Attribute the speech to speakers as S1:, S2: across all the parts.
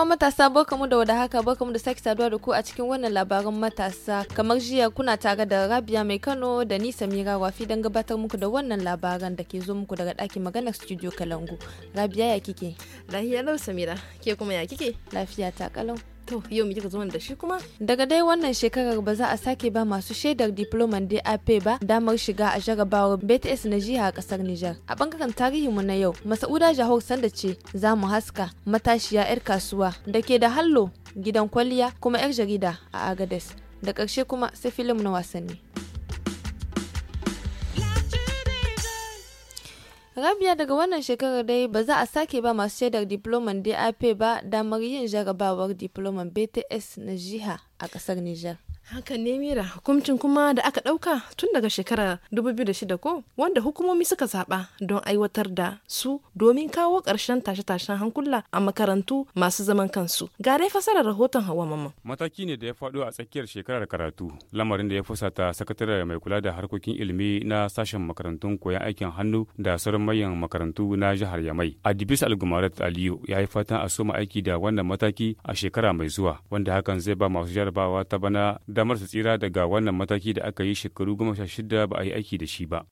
S1: kuma matasa barkamu da wada haka barkamu da sake saduwa da ku a cikin wannan labaran matasa kamar jiya kuna tare da Rabia mai Kano da ni Samira Wafi don gabatar muku da wannan labaran da ke zo muku daga ɗakin maganar studio Kalangu. Rabia ya kike? Lafiya lau Samira, ke kuma ya kike? Lafiya ta kalau. to yau mu ji da shi kuma daga dai wannan shekarar ba za a sake ba masu shaidar diploman DAP ba damar shiga a jarabawar BTS na jiha a kasar Nijar a bangaren tarihi mu na yau Masauda Jahor Sanda ce za mu haska matashiya 'yar kasuwa da ke da hallo gidan kwalliya kuma 'yar jarida a Agades da karshe kuma sai filim na wasanni. Rabia daga wannan shekarar dai ba za a sake ba masu shaidar diploman DAP ba damar yin jarabawar diploman BTS na jiha a kasar Nijar.
S2: Haka ne Mira,
S1: hukuncin kuma da aka ɗauka tun daga shekarar 2006 ko wanda hukumomi suka zaɓa don aiwatar da su domin kawo ƙarshen tashe-tashen hankula a makarantu masu zaman kansu. Ga dai fasarar rahoton Hawa Mama.
S3: Mataki ne da ya faɗo a tsakiyar shekarar karatu, lamarin da ya fusata sakatare mai kula da harkokin ilimi na sashen makarantun koyan aikin hannu da sauran manyan makarantu na jihar Yamai. Adibis Algumarat Aliyu ya yi fatan a soma aiki da wannan mataki a shekara mai zuwa, wanda hakan zai ba masu jarabawa ta bana da damar su tsira daga wannan mataki da aka yi shekaru goma sha shida ba a yi aiki da shi ba.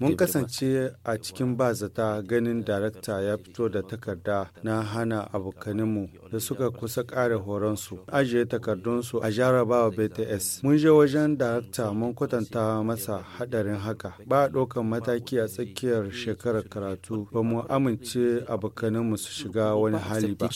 S3: Mun kasance
S4: a cikin ba zata ganin darakta ya fito da takarda na hana abokaninmu da suka kusa ƙara horonsu ajiye takardunsu a jarabawa BTS. Mun je wajen darakta mun kwatanta masa haɗarin haka. Ba a ɗaukan mataki a tsakiyar shekarar karatu ba mu amince abokaninmu su shiga wani hali ba.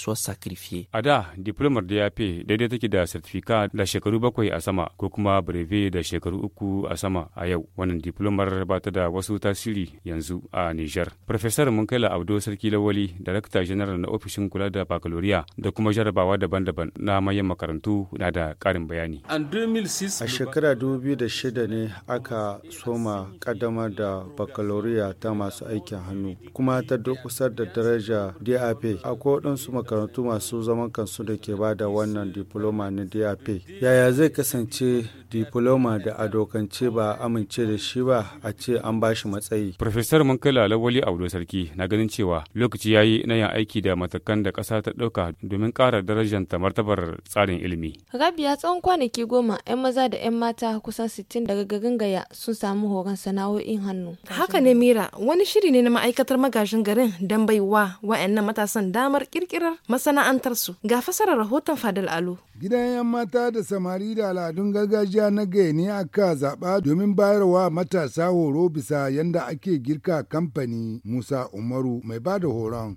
S3: A da diplomar da ya daidai take da certificate da shekaru bakwai a a sama ko kuma breve da shekaru uku a sama a yau wannan diplomar ba ta da wasu tasiri yanzu a niger. Profesor Munkala Abdo Sarki Lawali, Darakta General na ofishin kula da bakaloriya da kuma jarabawa daban-daban na manyan makarantu na da karin bayani.
S4: A shekara 2006 ne aka soma ƙaddamar da bakaloriya ta masu aikin hannu kuma ta dokusar da daraja DAP. Akwai waɗansu makarantu masu zaman kansu da ke ba da wannan diploma na DAP. Yaya zai kasance diploma da a dokance ba a amince da shi ba a ce an ba shi matsayi.
S3: Profesor Mankala Lawali Abdu Sarki na ganin cewa lokaci yayi na yin aiki da matakan da ƙasa ta ɗauka domin kara ƙara darajanta martabar tsarin ilimi.
S1: Rabia tsawon kwanaki goma 'yan maza da 'yan mata kusan sittin daga garin gaya sun samu horon sana'o'in hannu. Haka ne Mira wani shiri ne na ma'aikatar magajin garin don baiwa wa'annan matasan damar kirkirar masana'antarsu ga fasarar rahoton Fadal Alu.
S4: Gidan 'yan mata da samari da al'adun gargajiya na gaya ne aka zaɓa domin bayarwa matasa horo bisa yadda ake girka kamfani Musa Umaru mai ba da horon.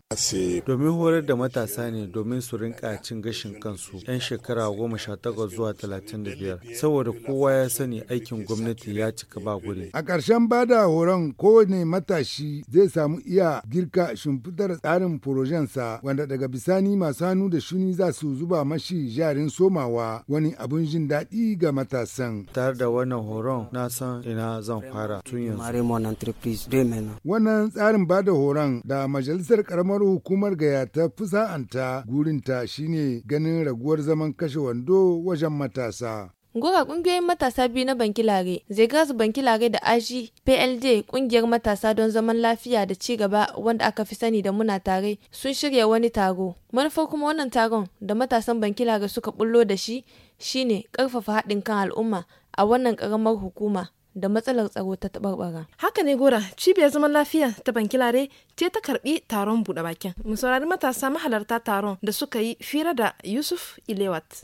S4: Domin horar da matasa ne domin su rinka cin gashin kansu 'yan shekara goma sha takwas zuwa talatin da biyar saboda kowa ya sani aikin gwamnati ya cika ba guri. A ƙarshen ba da horon kowane matashi zai samu iya girka shimfitar tsarin sa wanda daga bisani masu hannu da shuni za su zuba mashi jarin somawa wani abun jin daɗi. daɗi ga matasan. Tare da wannan horon na san ina zan fara tun yanzu. Wannan tsarin ba da horon da majalisar karamar hukumar gaya ta fusa'anta gurinta shine ganin raguwar zaman kashe wando wajen matasa.
S1: Goga kungiyoyin matasa biyu na Bankilare, Zegas Bankilare da Aji PLD kungiyar matasa don zaman lafiya da ci gaba wanda aka fi sani da muna tare sun shirya wani taro. Manufar kuma wannan taron da matasan Bankilare suka bullo da shi shine karfafa haɗin kan al'umma a wannan ƙaramar hukuma. da matsalar tsaro ta tabarbara Haka ne Gora, cibiyar zaman lafiya ta Bankilare ce ta karbi taron buɗe bakin. Mu saurari matasa mahalarta taron da suka yi fira da Yusuf Ilewat.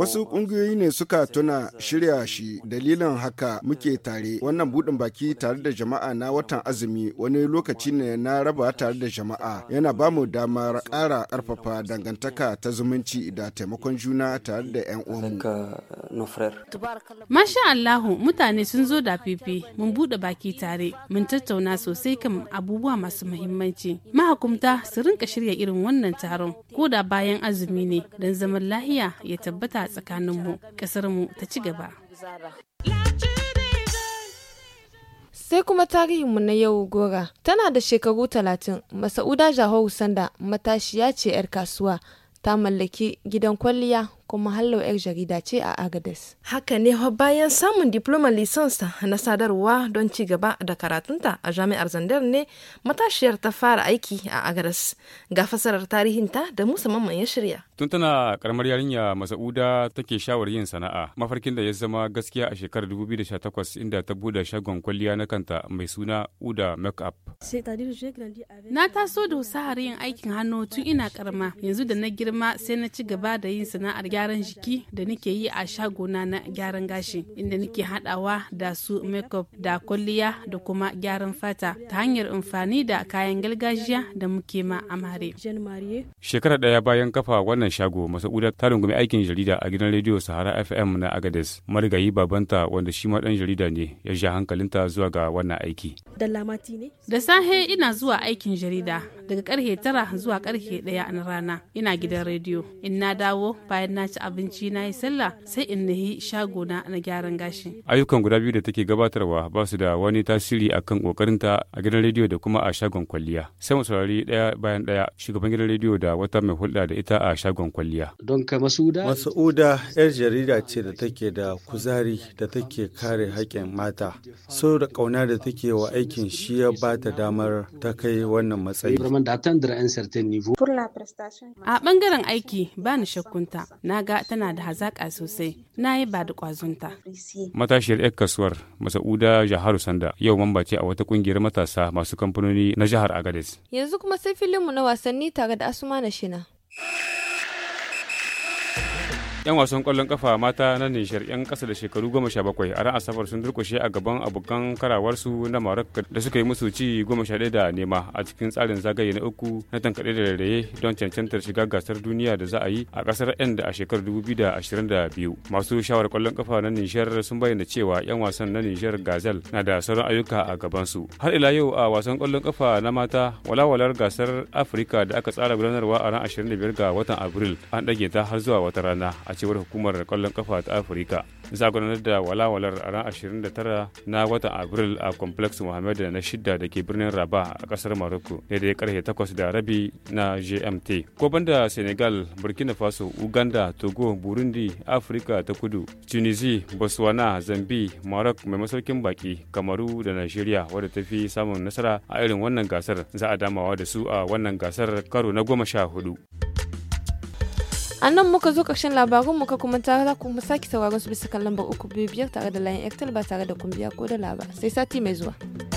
S4: Wasu ƙungiyoyi ne suka tuna shirya shi dalilin haka muke tare wannan buɗin baki tare da jama'a na watan azumi wani lokaci ne na raba tare da jama'a yana ba mu damar ƙara karfafa dangantaka ta zumunci da taimakon juna tare da 'yan uwanmu.
S2: Masha Allah Allahu mutane sun zo da fifi mun bude baki tare mun tattauna sosai kan abubuwa masu muhimmanci. Mahakumta su rinka shirya irin wannan taron ko da bayan azumi ne don zaman lahiya ya tabbata tsakaninmu mu ta ci gaba. sai kuma tarihinmu na yau gora tana
S1: da shekaru talatin masauda jahoru sanda matashiya ce 'yar kasuwa ta mallaki gidan kwalliya kuma hallau yar jarida ce a agades Haka ne bayan samun diploma lisansa na sadarwa don ci gaba da karatunta a jami'ar Zandar ne matashiyar ta fara aiki a Agadez. Ga fasarar tarihinta da Musa Mamman ya shirya.
S3: Tun tana karamar yarinya Masauda take shawar yin sana'a. Mafarkin da ya zama gaskiya a shekarar 2018 inda ta bude shagon kwalliya na kanta mai suna Uda Makeup.
S2: Na taso da wasahar yin aikin hannu tun ina karama. Yanzu da na girma sai na ci gaba da yin sana'ar gyaran jiki da nake yi a shagona na gyaran gashi inda nake hadawa da su makeup da kwalliya da kuma gyaran fata ta hanyar amfani da kayan gargajiya da muke ma amare.
S3: Shekara daya bayan kafa wannan shago Masauda ta rungumi aikin jarida a gidan rediyo Sahara FM na Agades marigayi babanta wanda shi ma dan jarida ne ya ja hankalinta zuwa ga wannan aiki.
S2: Da sahe ina zuwa aikin jarida daga karhe tara zuwa karhe daya na rana ina gidan rediyo in na dawo bayan na ci abinci na yi sallah sai in nahi shagona na gyaran gashi.
S3: Ayyukan guda biyu da take gabatarwa ba su da wani tasiri akan kokarinta a gidan rediyo da kuma a shagon kwalliya. Sai mu saurari ɗaya bayan ɗaya shugaban gidan rediyo da wata mai hulɗa da ita a shagon kwalliya.
S4: Don ka Masuda? Masuda yar jarida ce da take da kuzari da take kare haƙƙin mata. So da ƙauna da take wa aikin shi ya ba ta damar ta kai wannan matsayi. A ɓangaren aiki
S2: ba ni shakkunta. Na ga tana da hazaƙa sosai na yi ba da ƙwazonta.
S3: Matashiyar 'yar kasuwar Masa'uda Jaharu Sanda yau mamba ce a wata ƙungiyar matasa masu kamfanoni na jihar Agadez.
S1: Yanzu kuma sai filinmu na wasanni tare da Asuma na Shina.
S3: 'Yan wasan kwallon kafa mata na nishar 'yan kasa da shekaru goma sha bakwai a ran Asabar sun durkushe a gaban abokan karawarsu na Morocco da suka yi musu ci goma sha da nema a cikin tsarin zagaye na uku na tankaɗe da rairaye don cancantar shiga gasar duniya da za a yi a ƙasar da a shekarar biyu Masu shawar kwallon kafa na nishar sun bayyana cewa 'yan wasan na nishar Gazel na da sauran ayyuka a gabansu. Har ila yau a wasan kwallon kafa na mata walawalar gasar Afirka da aka tsara gudanarwa a ran 25 ga watan Abril an ɗage ta har zuwa wata rana. a cewar hukumar kwallon kafa ta afirka za gudanar da walawalar a ran 29 na watan abril a complex muhammad na shida da ke birnin raba a kasar morocco ya karfe takwas da rabi na gmt ko banda senegal burkina faso uganda togo burundi afirka ta kudu tunisia botswana zambi maroc mai masaukin baki kamaru da nigeria wadda ta fi samun nasara a irin wannan gasar za a damawa da su a wannan gasar karo na goma sha hudu.
S1: a nan muka zo ƙarshen labarun muka kuma tare da ku sake sauraron su bisa kan lambar uku biyu biyar tare da layin airtel ba tare da kumbiya ko da laba sai sati mai zuwa.